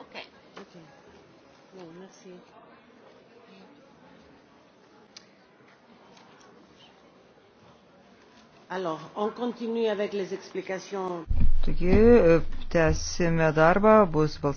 Ok. Ok. Bon, merci. Alors, on continue avec les explications. Taigi, tęsime darbą, bus balsavimas.